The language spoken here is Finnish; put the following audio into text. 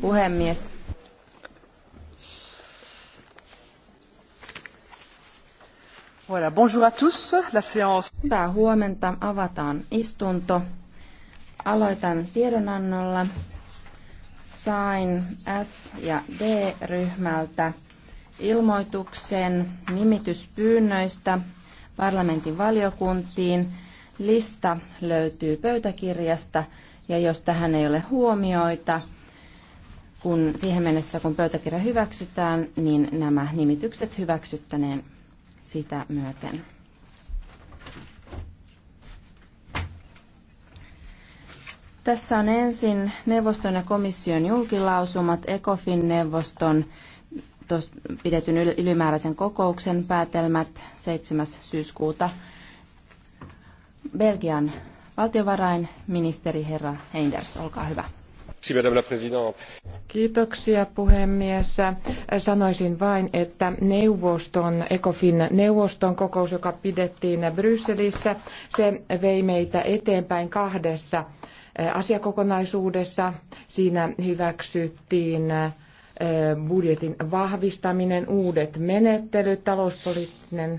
puhemies. Voilà, bonjour à tous. La séance... Hyvää huomenta. Avataan istunto. Aloitan tiedonannolla. Sain S- ja D-ryhmältä ilmoituksen nimityspyynnöistä parlamentin valiokuntiin. Lista löytyy pöytäkirjasta ja jos tähän ei ole huomioita, kun siihen mennessä, kun pöytäkirja hyväksytään, niin nämä nimitykset hyväksyttäneen sitä myöten. Tässä on ensin neuvoston ja komission julkilausumat ECOFIN-neuvoston pidetyn ylimääräisen kokouksen päätelmät 7. syyskuuta. Belgian valtiovarainministeri herra Heinders, olkaa hyvä. Kiitoksia puhemies. Sanoisin vain, että neuvoston, ECOFIN neuvoston kokous, joka pidettiin Brysselissä, vei meitä eteenpäin kahdessa eh, asiakokonaisuudessa. Siinä hyväksyttiin eh, budjetin vahvistaminen, uudet menettelyt, talouspoliittinen